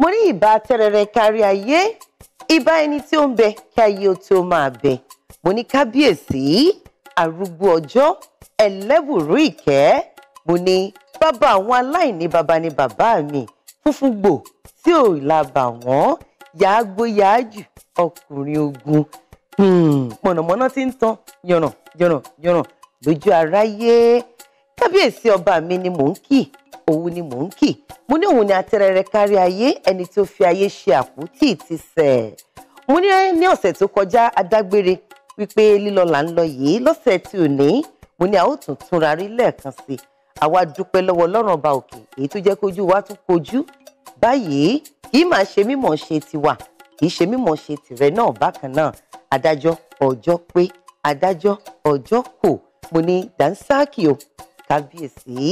mo ní ìbà tẹrẹrẹ kárí ayé ìbà ẹni tí ó ń bẹ kí ayé ó tó máa bẹ mo ní kábíyèsí arúgbó ọjọ́ ẹlẹ́bùrú ìkẹ́ mo ní bàbá àwọn aláìní bàbá ni bàbá mi fúnfún gbò tí ò lábà wọ́n yàá gbó yàá jù ọkùnrin ogun hmm, mọ̀nàmọ́ná ti ń tan yànnà yànnà yànnà lójú aráyé kábíyèsí ọba mi ni mò ń kì òun ni mò ń kì mo ní òun ni atẹrẹrẹ kárí ayé ẹni tí ó fi ayé ṣe àpótí ti sẹ̀ mo ní ní ọ̀sẹ̀ tó kọjá adágbére wípé lílọ là ń lọ yìí lọ́sẹ̀ tí ò ní mo ní a ó tún túnra rí lẹ́ẹ̀kan sí i àwa dúpẹ́ lọ́wọ́ Ọlọ́run ọba òkè èyí tó jẹ́ kójú wa tún kojú báyìí kì í máa ṣe mímọ̀ ṣe tiwa kì í ṣe mímọ̀ ṣe tìrẹ náà bákan náà adájọ́ ọjọ́ pé adájọ́ ọjọ́ kò mo ní Dàńsákì o kábíyèsí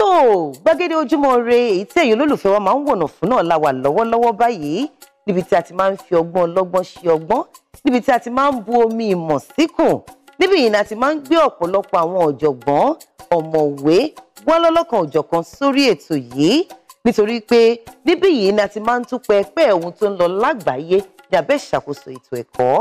tó gbàgede ojúmọ́ re èyí tí èyí olólùfẹ́ wa máa ń wọ̀nà fún náà la wà lọ́wọ́lọ́wọ́ báyìí níbi tí a ti máa ń fi ọgbọ́n ọlọ́gbọ́n ṣe ọgbọ́n níbi tí a ti máa ń bu omi ìmọ̀ síkùn níbi yìí la ti máa ń gbé ọ̀pọ̀lọpọ̀ àwọn ọ̀jọ̀gbọ́n ọ̀mọ̀wé wá lọ́lọ́kan ọ̀jọ̀kan sórí ètò yìí nítorí pé níbi yìí la ti máa ń tún pẹpẹ ohun tó ń lọ lágbàáyé ní abẹ́ ìṣàkóso ètò ẹ̀kọ́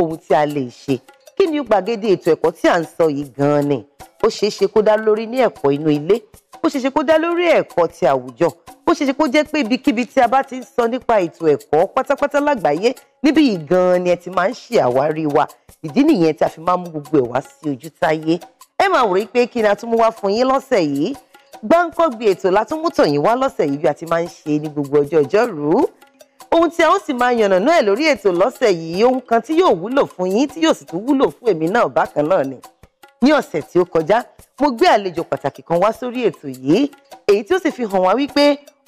ohun tí a lè ṣe kí ni gbàgede ètò ẹ̀kọ́ tí à ń sọ yìí gan-an ni ó ṣeé ṣe kó dá lórí ní ẹ̀kọ́ inú ilé ó ṣeé ṣe kó dá lórí ẹ̀kọ́ ti àwùjọ ó ṣeé ṣe kó jẹ́ pé ibikíbi tí a bá ti ń sọ nípa ètò ẹ̀kọ́ pátápátá lágbàáyé níbí yìí gan-an ni ẹ ti máa ń ṣe àwárí wa ìdí nìyẹn tí a fi máa ń mú gbogbo ẹ̀ wá sí ojú táyé ẹ máa wòrí pé kí ni a tún mú wá fún yín lọ́sẹ̀ yìí gbáǹkọ́gbì ètò látúmútọ̀ yín wá lọ́sẹ̀ yìí bí a ti máa ń ṣe ní gbogbo ọjọ́ ọjọ́rú ohun tí a ó sì máa yànnàná ẹ̀ lórí ètò lọ́sẹ̀ yìí ohun kan tí yóò wúlò fún yín tí yóò sì tún wúlò fún èmi náà bákan náà ni ní ọ̀sẹ̀ tí ó kọjá mo gbé àlejò pàtàkì kan wá sórí ètò yìí èyí tí ó sì fi hàn wá wípé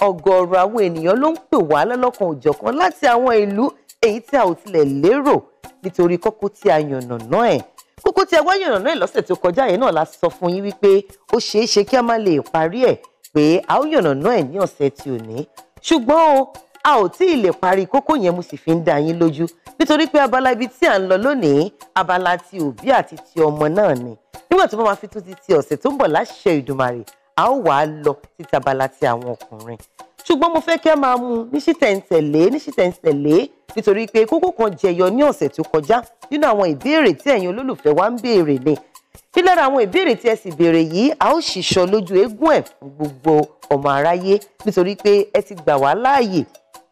ọ̀gọ̀ọ̀rọ̀ àwọn ènìyàn ló ń pè wá lọ́lọ́kan òjọ̀kan láti àwọn ìlú èyí tí a ò tilẹ̀ lérò nítorí kókó tí a yànnàná ẹ̀ kókó tí a wá yànnàná ẹ̀ lọ́sẹ̀ tó kọjá yẹn náà la sọ fún yín wípé ó ṣeé ṣe kí a má lè parí ẹ̀ pé a ó yànnàná ẹ̀ ní ọ̀sẹ̀ tí ò ní ṣùgbọ́n o a ò tí ì lè parí kókó yẹn mo sì fi ń dá yín lójú nítorí pé abala ibi tí à ń lọ lónìí abala ti òbí àti ti ọmọ náà ni nígbà tó bá máa fi tún ti ti ọ̀sẹ̀ tó ń bọ̀ láṣẹ ìdùmarè a ó wàá lọ títa abala ti àwọn ọkùnrin ṣùgbọ́n mo fẹ́ kẹ́ máa mú ní ṣìtẹ̀ǹtẹ̀lé ní ṣìtẹ̀ǹtẹ̀lé nítorí pé kókó kan jẹyọ ní ọ̀sẹ̀ tó kọjá nínú àwọn ìbéèrè tí ẹ̀yin olólùfẹ́ wa ń béèrè ni kí lára àwọn ìbéèrè tí ẹ sì béèrè yìí a ó ṣìṣọ lójú eégún ẹ̀ fún gbogbo ọmọ aráyé nítorí pé ẹ ti gbà wá láàyè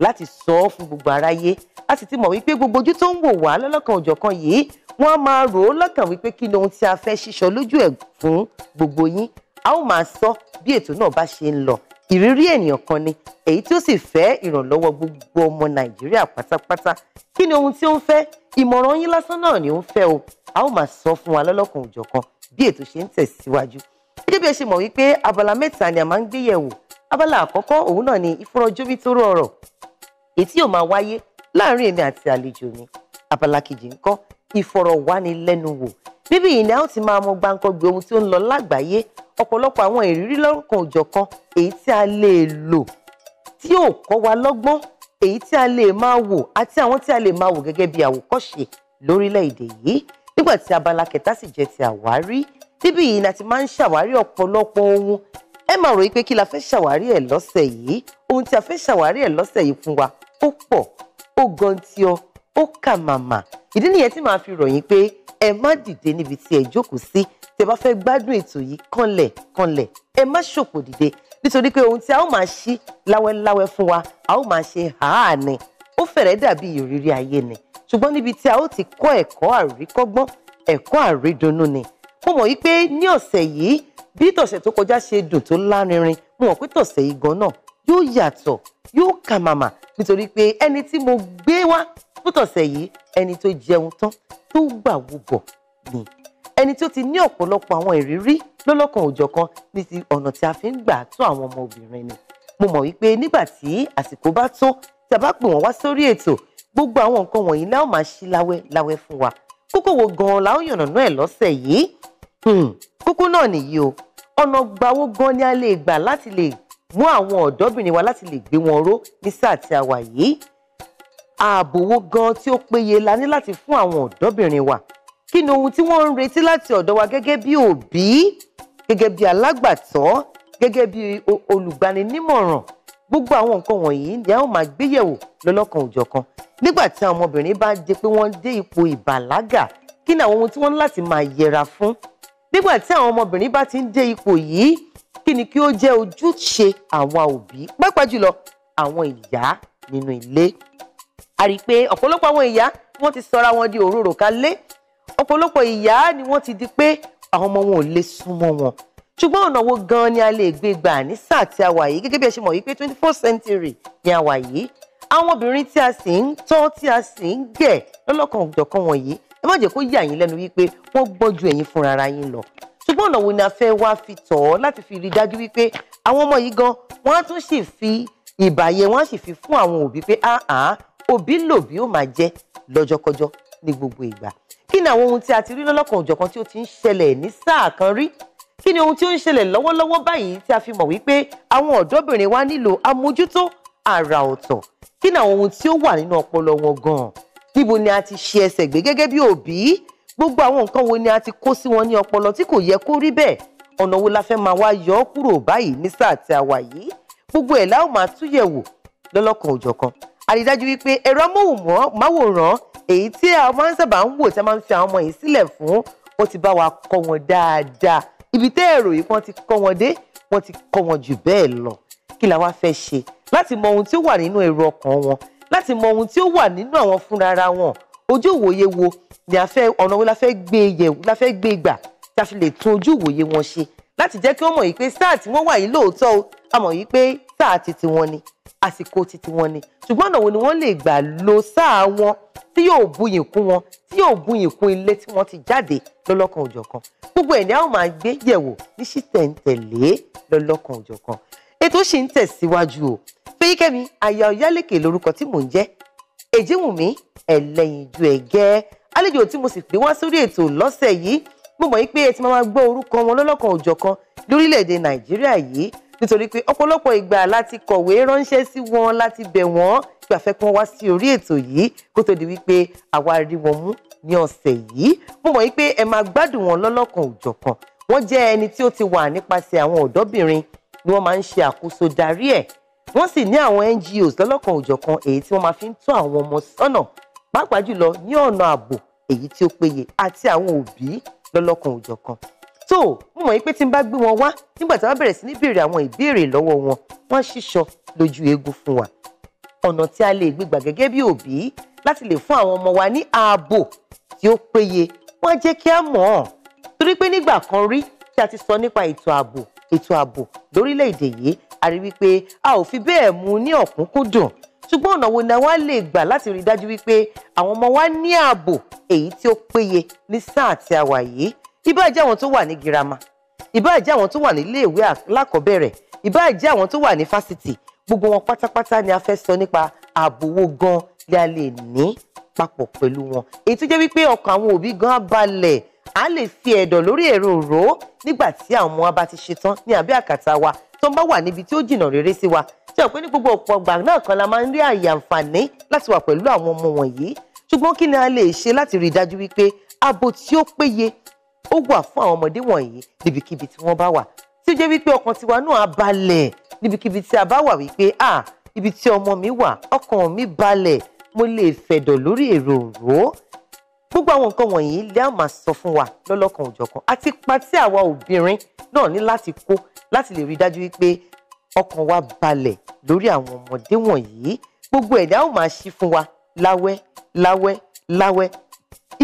láti sọ ọ́ fún gbogbo aráyé a sì ti mọ̀ wípé gbogbo ojú tó ń wò wá lọ́lọ́kan òjọ̀kan yìí wọ́n á máa rò ó lọ́kàn wípé kí ni ohun tí a fẹ́ ṣíṣọ lójú ẹ̀ fún gbogbo yín a ó máa sọ bí ètò náà bá ṣe ń lọ ìrírí ènìyàn kan ni èyí tí ó sì fẹ́ ìrànlọ́wọ́ gbogbo ọmọ nàìjíríà pátápátá kí ni ohun tí ó ń fẹ́ ìmọ̀ràn yín lásán náà ni ó ń fẹ́ o a ó máa sọ fún wa lọ́lọ́kan òjọ̀kan bí ètò ṣe ń tẹ̀síwájú gẹ́gẹ́ bí ẹ ṣe mọ̀ wípé abala mẹ́ta ni a máa ń gbé abala àkọ́kọ́ òun náà ni ìfúnrọ́jómi tó rọ̀ èyí tí yóò máa wáyé láàárín èmi àti àlejò mi abala kejì ńkọ́ ìfọ̀rọ̀wánilẹ́nuwò bíbí yìí ni a ó ti máa mọ gbàǹkangbè ohun tí ó ń lọ lágbàáyé ọ̀pọ̀lọpọ̀ àwọn ìrírí lọ́kàn òjọ̀kan èyí tí a lè lò tí yóò kọ́ wa lọ́gbọ́n èyí tí a lè máa wò àti àwọn tí a lè máa wò gẹ́gẹ́ bí àwòkọ́ṣe lórílẹ̀‐èdè yìí nígbà tí abala kẹta sì jẹ́ ti àwárí bíbí yìí ni a ti máa ń ṣàwárí ọ̀pọ̀lọpọ̀ ohun ẹ máa ròyìn pé kí la fẹ́ ṣàwárí ẹ̀ lọ́sẹ̀ yìí ohun tí a fẹ́ ṣàwárí ẹ̀ lọ́sẹ̀ yìí fún wa ó pọ̀ ó gọntiọ ó kà màmà ìdí nìyẹn tí màá fi rọ̀ yín pé ẹ má dìde níbi tí ẹ jókòó sí tẹ́ bá fẹ́ gbádùn ètò yìí kànlẹ̀ kànlẹ̀ ẹ má ṣòpò dìde nítorí pé ohun tí a ó máa ṣí láwẹ́láwẹ́ fún wa a ó máa ṣe hàá ni ó fẹ̀rẹ̀ dàbí ìrírí ayé ni ṣùgbọ́n níbi tí a ó ti kọ́ ẹ̀kọ́ àríkọ́gbọ́n ẹ̀kọ́ àrídùnnú ni mo mọ̀ wípé ní ọ̀sẹ̀ yìí bí tọ̀sẹ̀ tó kọjá ṣe dùn tó lárinrin mo mọ̀ pé tọ̀sẹ̀ yìí gan náà yóò yàtọ̀ yóò kà màmà nítorí pé ẹni tí mo gbé wá fútọ̀sẹ̀ yìí ẹni tó jẹun tán tó gbà wúbọ̀ ni ẹni tó ti ní ọ̀pọ̀lọpọ̀ àwọn ìrírí lọ́lọ́kan òjọ̀kan ní ti ọ̀nà tí a fi ń gbà tó àwọn ọmọ ni mo mọ̀ wípé nígbà tí àsìkò bá tó tí a bá pè wọ́n wá sórí ètò gbogbo àwọn nǹkan wọ̀nyí la ó máa ṣí láwẹ́ láwẹ́ fún wa kókó wo gan-an la ó ẹ̀ lọ́sẹ̀ yìí hmm, kókó náà nìyí o ọ̀nà gbàwó gan ni a lè gbà láti lè fún àwọn ọ̀dọ́bìnrin wa láti lè gbé wọn ró ní sáà tí a wà yìí ààbò wo gan tí ó péye la ní láti fún àwọn ọ̀dọ́bìnrin wa kí ni ohun tí wọ́n ń retí láti ọ̀dọ̀ wa gẹ́gẹ́ bí òbí gẹ́gẹ́ bí alágbàtọ́ gẹ́gẹ́ bí olùgbaninímọ̀ràn gbogbo àwọn nǹkan wọ̀nyí ni a ó máa gbéyẹ̀wò lọ́lọ́kan òjọ̀kan nígbà tí àwọn ọmọbìnrin bá di pé wọ́n dé ipò ìbàlágà kí ni àwọn ohun tí wọ́n ní láti máa yẹra fún nígbà tí àwọn ọmọbìnrin bá ti ń dé ipò yìí kí ni kí ó jẹ́ ojúṣe àwa òbí pàápàá jùlọ àwọn ìyá nínú ilé a rí i pé ọ̀pọ̀lọpọ̀ àwọn ìyá ni wọ́n ti sọra wọn di òróró kalẹ̀ ọ̀pọ̀lọpọ̀ ìyá ni wọ́n ti di pé àwọn ọmọ wọn ò lè súnmọ́ wọn ṣùgbọ́n ọ̀nà wo gan ni a lè gbé gbà ní sáà tí a wà yìí gẹ́gẹ́ bí ẹ ṣe mọ̀ wípé twenty four century ni a wà yìí àwọn obìnrin tí a sì ń tọ́ tí a sì ń gẹ̀ lọ́lọ́kan òjọ̀kan wọ̀nyí ẹ má jẹ́ kó yà yín lẹ́nu wípé wọ́n gbọ́n ju ẹ̀yin fúnra ara yín lọ ṣùgbọ́n ọ̀nà wo ni a fẹ́ wá fi tọ̀ ọ́ láti fi rí dájú wípé àwọn ọmọ yìí gan wọ́n á tún sì fi ìbàyẹ wọ́n á sì fi fún àwọn òbí pé àhán òbí lòbí ó máa jẹ́ lọ́jọ́kọjọ́ ní gbogbo ìgbà kí ni àwọn ohun tí a ti rí lọ́lọ́kan òjọ̀kan tí ó ti ń ṣẹlẹ̀ ní sáà kan rí kí ni ohun tí ó ń ṣẹlẹ̀ lọ́wọ́lọ́wọ́ báyìí tí a fi mọ̀ wípé àwọn ọ̀dọ́bìnrin wa nílò amójútó àrà ọ̀tọ̀ kí ni àwọn ohun tí ó wà nínú ọpọlọ wọn gan-an níbo ni a ti ṣe ẹsẹ̀ gbé gẹ́gẹ́ bí òbí gbogbo àwọn nǹkan wo ni a ti kó sí wọn ní ọpọlọ tí kò yẹ kó rí bẹ́ẹ̀ ọ̀nà wo la fẹ́ máa wá yọ ọ́ kúrò báyìí ní sáà tí a wà yìí gbogbo ẹ̀ láò máa túyẹ̀wò lọ́lọ́kan òjọ̀kan àrídájú wípé ẹ̀rọ amóhùnmáwòrán èyí tí a máa ń sábà ń wò tí a máa ń fi àwọn ọmọ yìí sílẹ̀ fún ó ti bá wa kọ́ wọn dáadáa ibi tẹ́ ẹ̀rọ yìí wọ́n ti kọ́ wọn dé wọ́n ti kọ́ wọn jù bẹ́ẹ̀ lọ kí la wá fẹ́ ṣe láti mọ ohun tí ó wà nínú ẹ̀rọ ọkàn wọn láti mọ ohun tí ó wà nínú àwọn fúnra wọn ojú ìwòye wo ni a fẹ́ ọ̀nà wo la fẹ́ gbé yẹ̀ la fẹ́ gbé gbà tá a fi lè tún ojú ìwòye wọn ṣe láti jẹ́ kí wọ́n mọ̀ yìí pé sáà tí wọ́n wà yìí lóòótọ́ o a mọ̀ yìí pé sáà ti ti wọn ni àsìkò ti ti wọn ni ṣùgbọ́n ọ̀nà wo ni wọ́n lè gbà lo sáà wọn tí yóò buyìn kún wọn tí yóò buyìn kún ilé tí wọ́n ti jáde lọ́lọ́kan òjọ̀kan gbogbo ẹ̀ ni a ó máa gbé yẹ̀wò ní ṣìtẹ̀ǹtẹ̀lé lọ́lọ́kan òjọ̀kan ètò ṣì ń tẹ̀síwájú o Fẹ́yíkẹ́mi aya Ọ̀yálékè lórúkọ tí mò ń jẹ́ èjìwùmí ẹlẹ́yinjú ẹ̀gẹ́ àlejò tí mo sì pè wá sórí ètò lọ́sẹ̀ yìí mo mọ̀ yín pé ẹ ti máa gbọ́ orúkọ wọn lọ́lọ́kan òjọ̀kan lórílẹ̀‐èdè nàìjíríà yìí nítorí pé ọ̀pọ̀lọpọ̀ ìgbà láti kọ̀wé ránṣẹ́ sí wọn láti bẹ̀ wọ́n gbàfẹ́ kí wọ́n wá sí orí ètò yìí kó tó di wípé àwa rí wọn mú ní ọ̀sẹ̀ yìí mo mọ̀ pé ẹ máa gbádùn wọn lọ́lọ́kan òjọ̀kan wọ́n jẹ́ ẹni tí ó ti wà nípasẹ̀ àwọn ọ̀dọ́bìnrin ni wọ́n máa ń ṣe àkóso darí ẹ̀ wọ́n sì ní àwọn NGOs lọ́lọ́kan òjọ̀kan èyí tí wọ́n máa fi ń tọ́ àwọn ọmọ sọ́nà pàápàá jùlọ ní ọ̀nà ààbò èyí tí ó péye àti àwọn òbí lọ́lọ́kan òjọ̀kan tó mo mọ̀ pé tí n bá gbé wọn wá nígbà tí wọ́n bẹ̀rẹ̀ sí ní béèrè àwọn ìbéèrè lọ́wọ́ wọn wọ́n ṣíṣọ lójú eégún fún wa ọ̀nà tí a lè gbégbà gẹ́gẹ́ bí òbí láti lè fún àwọn ọmọ wa ní ààbò tí ó péye wọ́n á jẹ́ kí a mọ̀ ọ́n torí pé nígbà kan rí tí a ti sọ nípa ètò ààbò ètò ààbò lórílẹ̀‐èdè yìí àrí wípé a ò fi bẹ́ẹ̀ mú ní ọ̀kúnkúndùn ṣùgbọ́n ọ̀nà wo ni wọ́n lè gbà láti rí dájú wípé àwọn ọmọ wa ní ààbò èyí tí ó péye ní sáà tí a wà yìí ìbáà jẹ́ àwọn tó wà ní girama ìbáà jẹ́ àwọn tó wà nílé ìwé alákọ̀ọ́bẹ̀rẹ̀ ìbáà jẹ́ àwọn tó wà ní fásitì gbogbo wọn pátápátá ni a fẹ́ sọ nípa ààbò gan ni a lè ní papọ̀ pẹ̀lú wọn èyí tó jẹ́ wípé ọkàn àwọn òbí gan balẹ̀ a lè fi ẹ̀dọ̀ lórí èrò òró nígbà tí àwọn ọmọ wa bá ti ṣetán ní àbí àkàtà wa tó ń bá wà níbi tí ó jìnnà rere sí wa ṣe ò pé ní gbogbo ọ̀pọ̀ ọgbà náà kan la máa ń rí àyè àǹfààní láti wà pẹ̀lú àwọn ọmọ wọ̀nyí ṣùgbọ́n kí ni a lè ṣe láti rí i dájú wípé ààbò tí ó péye ó wà fún àwọn ọmọdé wọ̀nyí níbikíbi tí wọ́n bá wà tí ó jẹ́ wípé ọkàn tiwa náà á balẹ̀ níbikíbi tí a bá wà wípé à ibi tí ọmọ mi wà ọkàn mi balẹ̀ mo lè fẹ̀dọ̀ lórí èròǹró gbogbo àwọn nǹkan wọ̀nyí lè á máa sọ fún wa lọ́lọ́kan òjọ̀kan àti ipa àwa obìnrin náà ní láti kó láti lè rí dájú wípé ọkàn wa balẹ̀ lórí àwọn ọmọdé wọ̀nyí gbogbo ẹ̀dá ò máa ṣí fún wa láwẹ́ láwẹ́ láwẹ́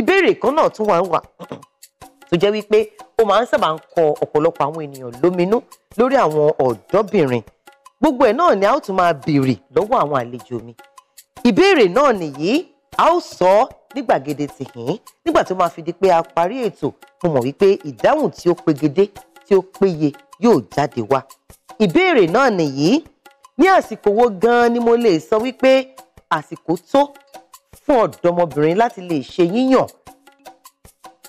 ìbéèrè kan náà tún wà ń wà tó jẹ́ wípé ó máa ń sábà ń kọ ọ̀pọ̀lọpọ̀ àwọn ènìyàn lóminú lórí àwọn ọ̀dọ́bìnrin gbogbo ẹ̀ náà ni a ó tún máa béèrè lọ́wọ́ àwọn àlejò mi ìbéèrè náà nìyí a ó sọ ọ́ ní gbàgede tìhín nígbà tó máa fi di pé a parí ètò mo mọ̀ wípé ìdáhùn tí ó pegedé tí ó péye yóò jáde wá. ìbéèrè náà nìyí ní àsìkò wo gan-an ni mo lè sọ wípé àsìkò tó fún ọ̀dọ́mọbìnrin láti lè ṣe yíyàn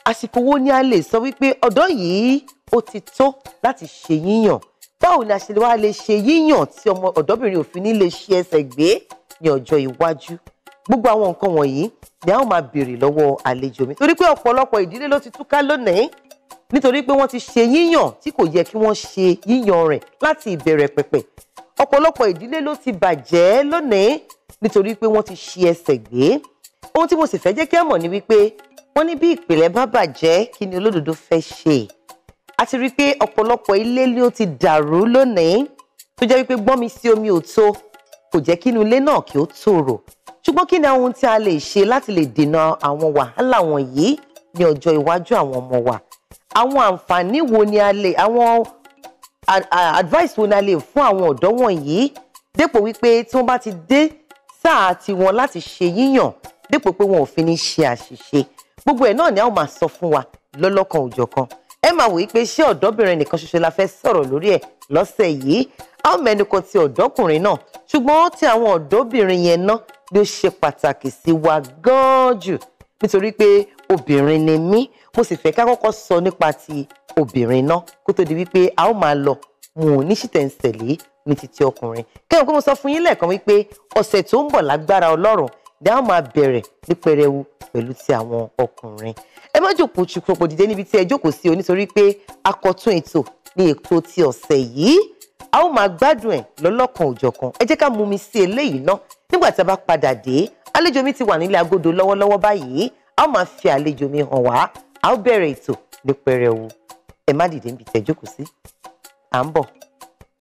àsìkò wo ni a lè sọ wípé ọ̀dọ́ yìí ó ti tó láti ṣe yíyàn báwo ni a ṣe wá lè ṣe yíyàn tí ọmọ ọ̀dọ́bìnrin òfin ní lè ṣe ẹsẹ̀ gbé ní ọjọ́ iwájú gbogbo àwọn nǹkan wọ̀nyí ni a ó máa béèrè lọ́wọ́ àlejò mi torí pé ọ̀pọ̀lọpọ̀ ìdílé ló ti túká lónìí nítorí pé wọ́n ti ṣe yíyàn tí kò yẹ kí wọ́n ṣe yíyàn rẹ̀ láti ìbẹ̀rẹ̀ pẹ̀pẹ̀ ọ̀pọ̀lọpọ̀ ìdílé ló ti bàjẹ́ lónìí nítorí pé wọ́n ti ṣe ẹsẹ̀ gbé ohun tí mo sì fẹ́ jẹ́ kí ẹ mọ̀ ni wípé wọ́n ní bí ìpìlẹ̀ bá bàjẹ́ kí ni olódodo fẹ́ ṣe a rí pé ọ̀pọ̀lọpọ̀ ilé ni ó ti dàrú lónìí tó jẹ́ wípé gbọ́n mi sí omi ò tó kò jẹ́ kí ilé náà kí ó tòrò ṣùgbọ́n kí ni ohun tí a lè ṣe láti lè dènà àwọn wàhálà wọ̀nyí ní ọjọ́ iwájú àwọn ọmọ wa àwọn àǹfààní wo ni a lè àwọn advice wo ni a lè fún àwọn ọ̀dọ́ wọ̀nyí dépò wípé tí wọ́n bá ti dé sáà tiwọn láti ṣe yíyàn dépò pé wọn ò fi ní ṣe àṣìṣe gbogbo ẹ̀ náà ni a ó máa sọ fún wa lọ́lọ́kan òjọ̀kan ẹ máa wòye pé ṣé ọ̀dọ́bìnrin nìkan ṣoṣo la fẹ́ sọ̀rọ̀ lórí ẹ̀ lọ́sẹ̀ yìí a ó mẹ́nu kan ti ọ̀dọ́kùnrin náà ṣùgbọ́n ti àwọn ọ̀dọ́bìnrin yẹn náà ló ṣe pàtàkì sí wa gan-an jù nítorí pé obìnrin ni mí mo sì fẹ́ ká kọ́kọ́ sọ nípa ti obìnrin náà kó tó di wípé a ó máa lọ mo ò ní ṣìtẹ̀ǹsẹ̀lé ní títí ọkùnrin kẹ́hìn pé mo sọ fún yín lẹ́ẹ̀kan wípé ọ̀sẹ̀ tó ń bọ̀ lágbára ọlọ́run ni a ó máa bẹ̀rẹ̀ ní pẹrẹwu pẹ̀lú ti àwọn ọkùnrin ẹ má jòkó ṣùpọ̀pọ̀ dìde níbi tí ẹ jókòó sí o nítorí pé akọ̀tún ètò ní èkó ti ọ̀sẹ̀ yìí a ó máa gbádùn ẹ̀ lọ́lọ́kan òjọ̀kan ẹ jẹ́ ká mumi sí eléyìí náà nígbà tí a bá padà dé àlejò mi ti wà nílé agodo lọ́wọ́lọ́wọ́ báyìí a ó máa fi àlejò mi hàn wá a ó bẹ̀rẹ̀ ètò ní pẹrẹwu ẹ má dìde níbi tẹ́ jókòó sí à ń bọ̀.